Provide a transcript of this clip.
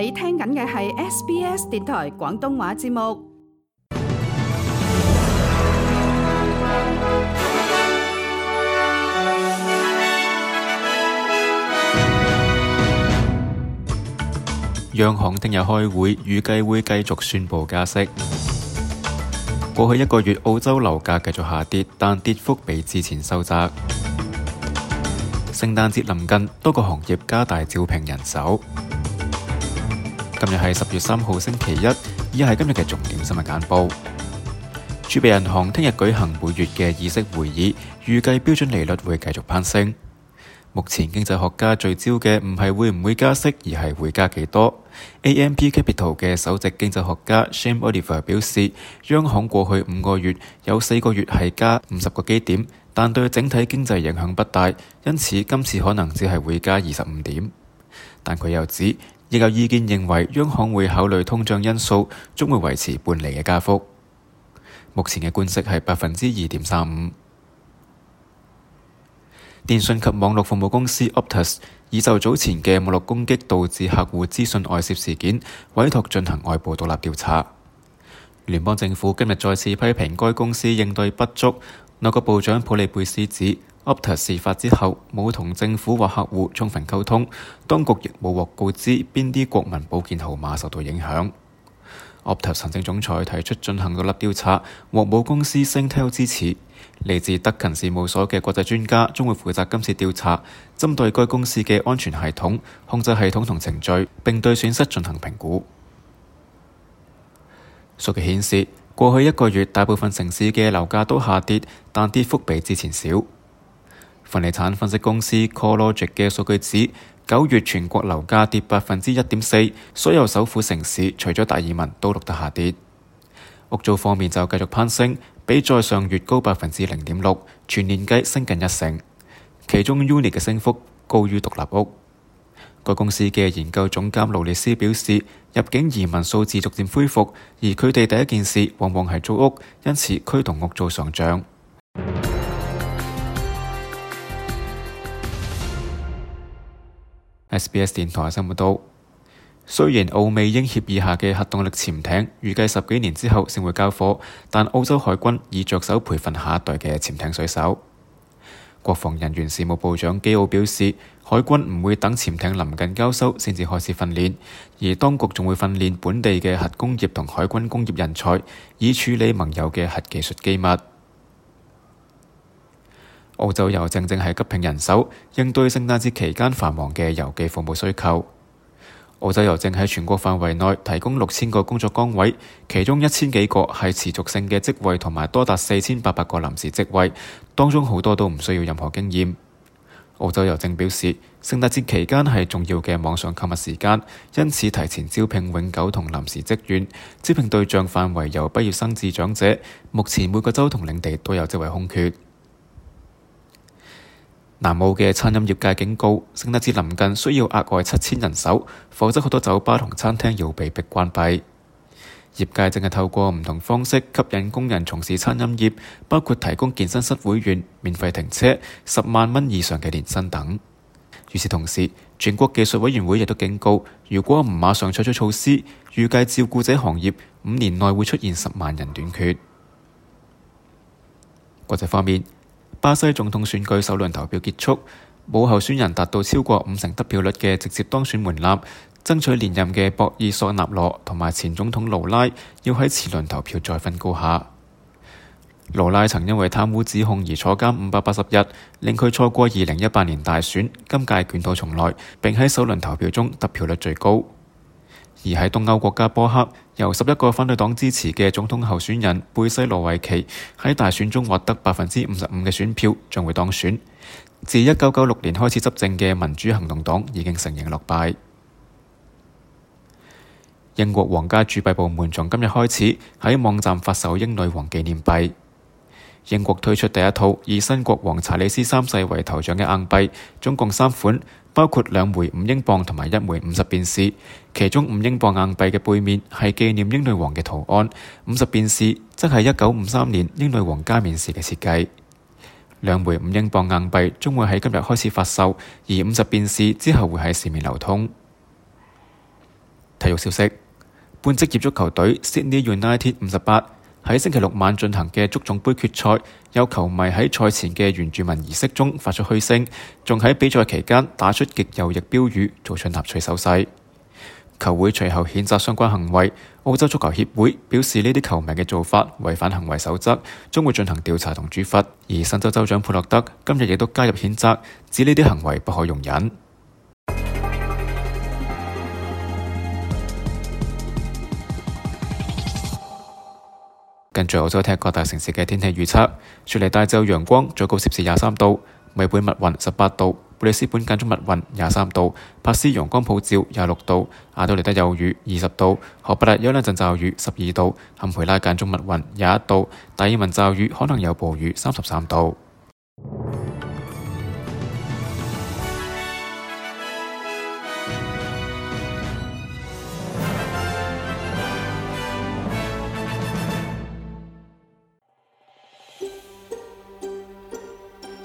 你聽緊嘅係 SBS 電台廣東話節目。央行聽日開會，預計會繼續宣佈加息。過去一個月，澳洲樓價繼續下跌，但跌幅比之前收窄。聖誕節臨近，多個行業加大招聘人手。今日係十月三號星期一，亦係今日嘅重點新聞簡報。儲備銀行聽日舉行每月嘅議息會議，預計標準利率會繼續攀升。目前經濟學家聚焦嘅唔係會唔會加息，而係會加幾多。AMP Capital 嘅首席經濟學家 Shane Oliver 表示，央行過去五個月有四個月係加五十個基點，但對整體經濟影響不大，因此今次可能只係會加二十五點。但佢又指。亦有意見認為，央行會考慮通脹因素，將會維持半釐嘅加幅。目前嘅官息係百分之二點三五。電訊及網絡服務公司 Optus 已就早前嘅網絡攻擊導致客戶資訊外泄事件，委託進行外部獨立調查。聯邦政府今日再次批評該公司應對不足。內閣部長普利貝斯指：Optus 事發之後冇同政府或客戶充分溝通，當局亦冇獲告知邊啲國民保健號碼受到影響。Optus 行政總裁提出進行獨立調查，獲母公司 Singtel 支持。嚟自德勤事務所嘅國際專家將會負責今次調查，針對該公司嘅安全系統、控制系統同程序，並對損失進行評估。數據顯示，過去一個月大部分城市嘅樓價都下跌，但跌幅比之前少。房地產分析公司 CoreLogic 嘅數據指，九月全國樓價跌百分之一點四，所有首府城市除咗大爾文都錄得下跌。屋租方面就繼續攀升，比再上月高百分之零點六，全年計升近一成。其中 unit 嘅升幅高於獨立屋。該公司嘅研究總監勞利斯表示，入境移民數字逐漸恢復，而佢哋第一件事往往係租屋，因此驅動屋租上漲。SBS 電台新聞報道：雖然澳美英協議下嘅核動力潛艇預計十幾年之後先會交貨，但澳洲海軍已着手培訓下一代嘅潛艇水手。國防人員事務部長基奧表示，海軍唔會等潛艇臨近交收先至開始訓練，而當局仲會訓練本地嘅核工業同海軍工業人才，以處理盟友嘅核技術機密。澳洲郵政正係急聘人手，應對聖誕節期間繁忙嘅郵寄服務需求。澳洲郵政喺全國範圍內提供六千個工作崗位，其中一千幾個係持續性嘅職位，同埋多達四千八百個臨時職位，當中好多都唔需要任何經驗。澳洲郵政表示，聖誕節期間係重要嘅網上購物時間，因此提前招聘永久同臨時職員。招聘對象範圍由畢業生至長者，目前每個州同領地都有職位空缺。南澳嘅餐飲業界警告，聖誕節臨近需要額外七千人手，否則好多酒吧同餐廳要被逼關閉。業界正係透過唔同方式吸引工人從事餐飲業，包括提供健身室會員、免費停車、十萬蚊以上嘅年薪等。與此同時，全國技術委員會亦都警告，如果唔馬上採取措施，預計照顧者行業五年內會出現十萬人短缺。國際方面。巴西總統選舉首輪投票結束，冇候選人達到超過五成得票率嘅直接當選門檻，爭取連任嘅博爾索納羅同埋前總統盧拉要喺次輪投票再分高下。盧拉曾因為貪污指控而坐監五百八十日，令佢錯過二零一八年大選，今屆捲土重來，並喺首輪投票中得票率最高。而喺東歐國家波克，由十一個反對黨支持嘅總統候選人貝西羅維奇喺大選中獲得百分之五十五嘅選票，將會當選。自一九九六年開始執政嘅民主行動黨已經承認落敗。英國皇家鑄幣部門從今日開始喺網站發售英女王紀念幣。英國推出第一套以新國王查理斯三世為頭像嘅硬幣，總共三款，包括兩枚五英鎊同埋一枚五十便士。其中五英鎊硬幣嘅背面係紀念英女王嘅圖案，五十便士則係一九五三年英女王加冕時嘅設計。兩枚五英鎊硬幣將會喺今日開始發售，而五十便士之後會喺市面流通。體育消息：半職業足球隊 Sydney United 五十八。喺星期六晚進行嘅足總杯決賽，有球迷喺賽前嘅原住民儀式中發出噓聲，仲喺比賽期間打出極右翼標語，做出納粹手勢。球會隨後譴責相關行為，澳洲足球協會表示呢啲球迷嘅做法違反行為守則，將會進行調查同處罰。而新州州長普洛德今日亦都加入譴責，指呢啲行為不可容忍。跟住我睇各大城市嘅天氣預測，雪梨大晝陽光，最高攝氏廿三度；墨爾本密雲十八度；布里斯本間中密雲廿三度；帕斯陽光普照廿六度；阿德萊德有雨二十度；荷伯特有兩陣驟雨十二度；堪培拉間中密雲廿一度；達爾文驟雨可能有暴雨三十三度。